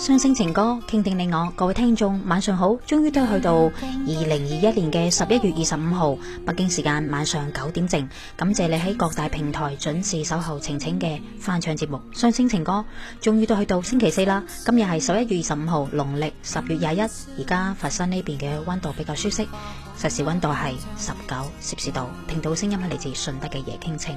雙星情歌傾定你我，各位聽眾晚上好，終於都去到二零二一年嘅十一月二十五號，北京時間晚上九點正，感謝你喺各大平台準時守候晴晴嘅翻唱節目《雙星情歌》，終於都去到星期四啦，今日係十一月二十五號，農曆十月廿一，而家佛山呢邊嘅溫度比較舒適，實時溫度係十九攝氏度，聽到聲音係嚟自順德嘅夜傾情。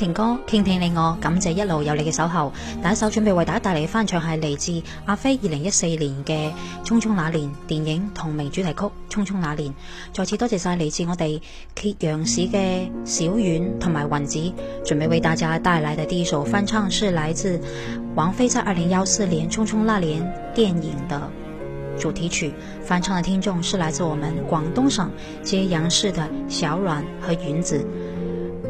情歌，傾聽你我，感謝一路有你嘅守候。第一首準備為大家帶來翻唱係嚟自阿飛二零一四年嘅《匆匆那年》電影同名主題曲《匆匆那年》。再次多謝晒嚟自我哋揭陽市嘅小阮同埋云子。準備為大家帶來嘅第一首翻唱是來自王菲在二零一四年《匆匆那年》電影的主題曲。翻唱嘅聽眾是來自我們廣東省揭陽市嘅小阮和云子。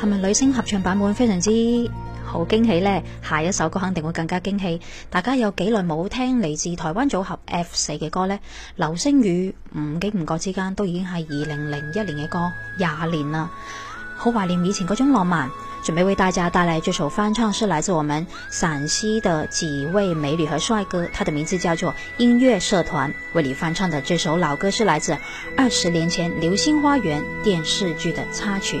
係咪女聲合唱版本非常之好驚喜呢？下一首歌肯定會更加驚喜。大家有幾耐冇聽嚟自台灣組合 F4 嘅歌呢？流星雨唔經唔覺之間都已經係二零零一年嘅歌廿年啦，好懷念以前嗰種浪漫。準備為大家帶來這首翻唱，是來自我們陝西的幾位美女和帥哥，他的名字叫做音樂社團，為你翻唱的這首老歌是來自二十年前《流星花園》電視劇的插曲。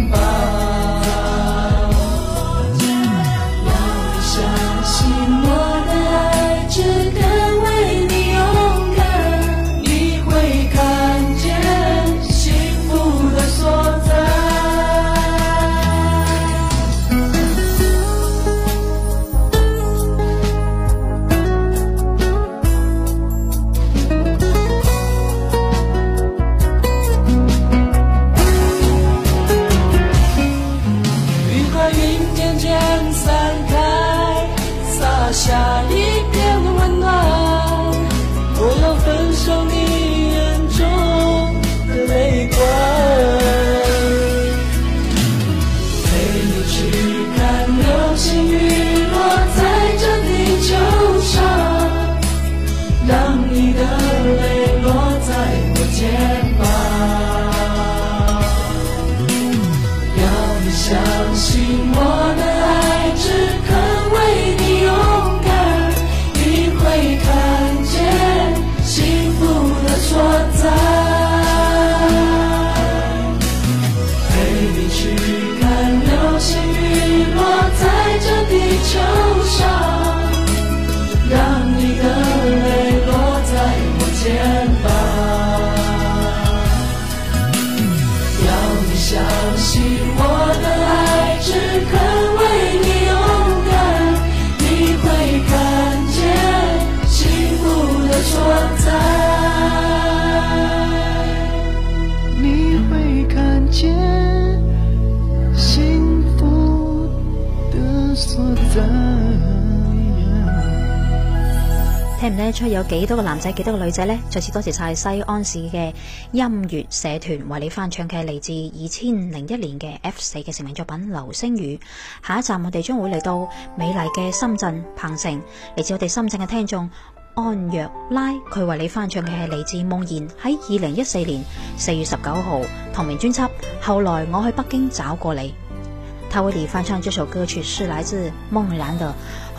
咧出有幾多個男仔，幾多個女仔呢？再次多謝晒西安市嘅音樂社團為你翻唱嘅，嚟自二千零一年嘅 F 四嘅成名作品《流星雨》。下一站我哋將會嚟到美麗嘅深圳鵬城，嚟自我哋深圳嘅聽眾安若拉，佢為你翻唱嘅係嚟自夢然喺二零一四年四月十九號同名專輯《後來我去北京找過你》，他會翻唱這首歌曲是來自夢然的。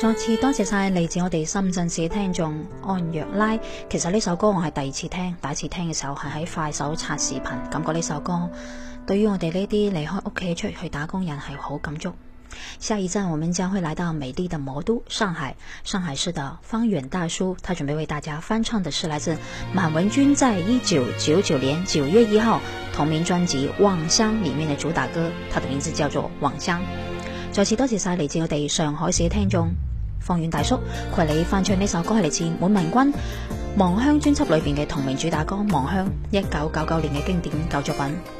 再次多謝晒嚟自我哋深圳市嘅聽眾安若拉。Line, 其實呢首歌我係第二次聽，第一次聽嘅時候係喺快手刷視頻，感覺呢首歌對於我哋呢啲離開屋企出去打工人係好感觸。下一站我們將會來到美麗的魔都上海，上海市的方遠大叔，他準備為大家翻唱的是來自滿文軍在一九九九年九月一號同名專輯《望鄉》裏面嘅主打歌，他的名字叫做《望鄉》。再次多謝晒嚟自我哋上海市嘅聽眾。放遠大叔，佢係你翻唱呢首歌是來，係嚟自滿文軍《望鄉》專輯裏邊嘅同名主打歌《望鄉》，一九九九年嘅經典舊作品。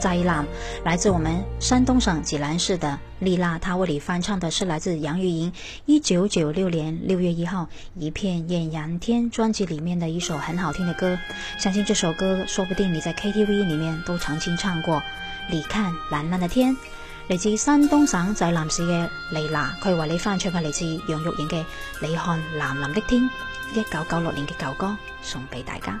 濟南，來自我們山東省濟南市的麗娜，她為你翻唱的是來自楊鈺瑩一九九六年六月一號《一片豔陽天》專輯裏面的一首很好聽的歌。相信這首歌，說不定你在 KTV 裏面都曾經唱過。你看藍藍的天，來自山東省濟南市嘅麗娜，佢為你翻唱嘅嚟自楊鈺瑩嘅《你看藍藍的天》，一九九六年嘅舊歌，送俾大家。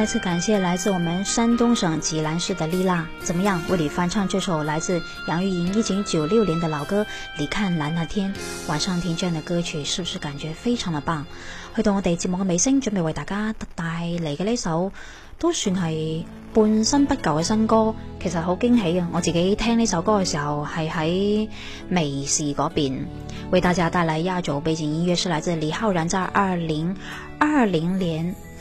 再次感謝來自我們山東省濟南市的麗娜，怎麼樣？為你翻唱這首來自楊鈺瑩一九九六年的老歌《你看藍藍的天》，晚上聽這樣的歌曲是不是感覺非常的棒？去到我哋節目嘅尾聲，準備為大家帶嚟嘅呢首都算係半新不舊嘅新歌，其實好驚喜啊。我自己聽呢首歌嘅時候係喺微視嗰邊為大家帶來壓軸背景音樂，是來自李浩然在二零二零年。